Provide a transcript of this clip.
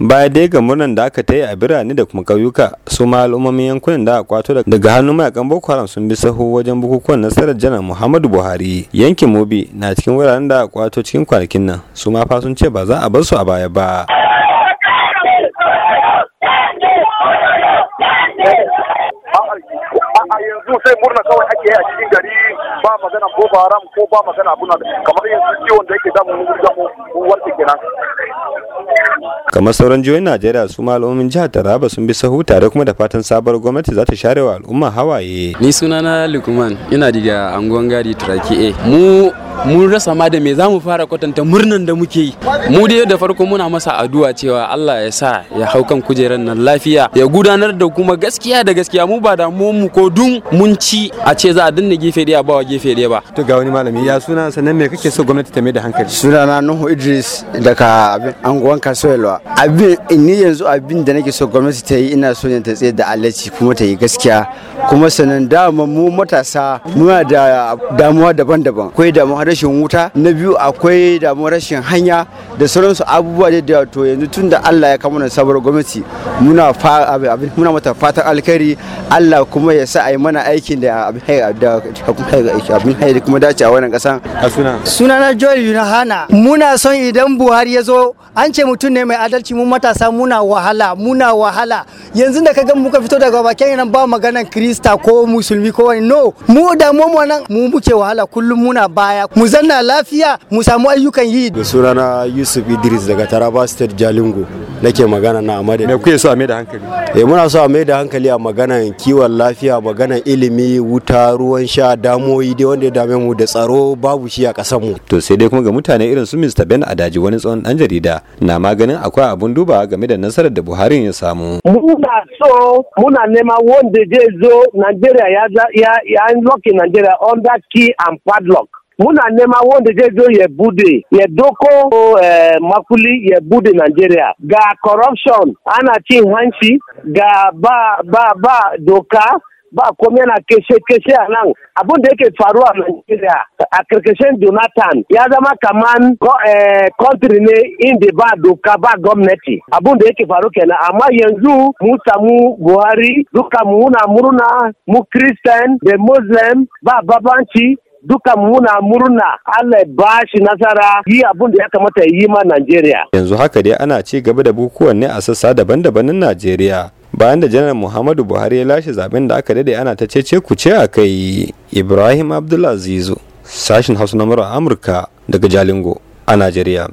baya dai ga murnan da aka taya a birane da kuma ƙauyuka su ma al'ummomin yankunan da aka kwato daga hannun mayakan boko haram sun bi saho wajen bukukuwan nasarar janar muhammadu buhari yankin mobi na cikin wuraren da aka kwato cikin kwanakin nan su ma fa sun ce ba za a bar su a baya ba yanzu sai murna kawai ake yi a cikin gari ba magana ko haram ko ba magana abuna kamar yanzu ciwon da yake damu mu warke kenan kamar sauran jihohin najeriya su ma jihar taraba sun bi sahu tare kuma da fatan sabuwar gwamnati za ta share wa al'umma hawaye ni sunana lukman ina daga anguwan gadi traki a mu mun rasa ma da me za mu fara kwatanta murnan da muke yi mu dai da farko muna masa addu'a cewa Allah ya sa ya hau kan kujerar nan lafiya ya gudanar da kuma gaskiya da gaskiya mu ba da mu ko dun mun ci a ce za a danna gefe da ba wa gefe da ba to ga wani malami ya suna sannan me kake so gwamnati ta mai da hankali sunana Nuhu Idris daga abin anguwan Kasuwa abin ni yanzu abin da nake so gwamnati ta yi ina so ne ta tsaye da alaci kuma ta yi gaskiya kuma sanan dama mu matasa muna da damuwa daban-daban akwai damuwa rashin wuta na biyu akwai damuwar rashin hanya da sauransu abubuwa da da to yanzu tun da Allah ya kama na sabar gwamnati muna muna mata fatan alkhairi Allah kuma ya sa a yi mana aikin da abin haya kuma dace a wannan kasan suna suna sunana Joel Yunahana muna son idan Buhari ya zo an ce mutum ne mai adalci mun matasa muna wahala muna wahala yanzu da kaga muka fito daga bakin nan ba maganan Krista ko musulmi ko wani no mu da mu nan mu muke wahala kullum muna baya mu zanna lafiya mu samu ayyukan yi da sunana yusuf idris daga taraba state jalingo nake magana na amade me kuke so a da hankali eh muna so a mai da hankali a maganan kiwon lafiya maganan ilimi wuta ruwan sha damoyi dai wanda ya dame mu da tsaro babu shi a kasan mu to sai dai kuma ga mutane irin su Mr Ben Adaji wani tsohon dan jarida na maganin akwai abun duba game da nasarar da Buhari ya samu muna so muna nema wanda zai zo Najeriya ya ya ya Najeriya under key and padlock muna nema wanda zai zo ya bude ya doko eh, makuli ya bude nigeria ga corruption ana cin hanci ga ba ba ba doka ba komai yana keshe-keshe a nan abin da yake faruwa a Najeriya a karkashin Jonathan ya zama kaman eh, country ne inda ba doka ba gwamnati abun da yake faru kenan amma yanzu mu samu Buhari duka muna murna mu Christian da Muslim ba babanci duka muna murna Allah ba shi nasara yi abun da ya kamata yi ma Najeriya. Yanzu haka dai ana ci gaba da bukukuwan ne a sassa daban-daban na Najeriya. Bayan da janar Muhammadu Buhari ya lashe zaben da aka dade ana ta cece ku ce a kai Ibrahim Abdulazizu sashin Hausa na Amurka daga Jalingo a Najeriya.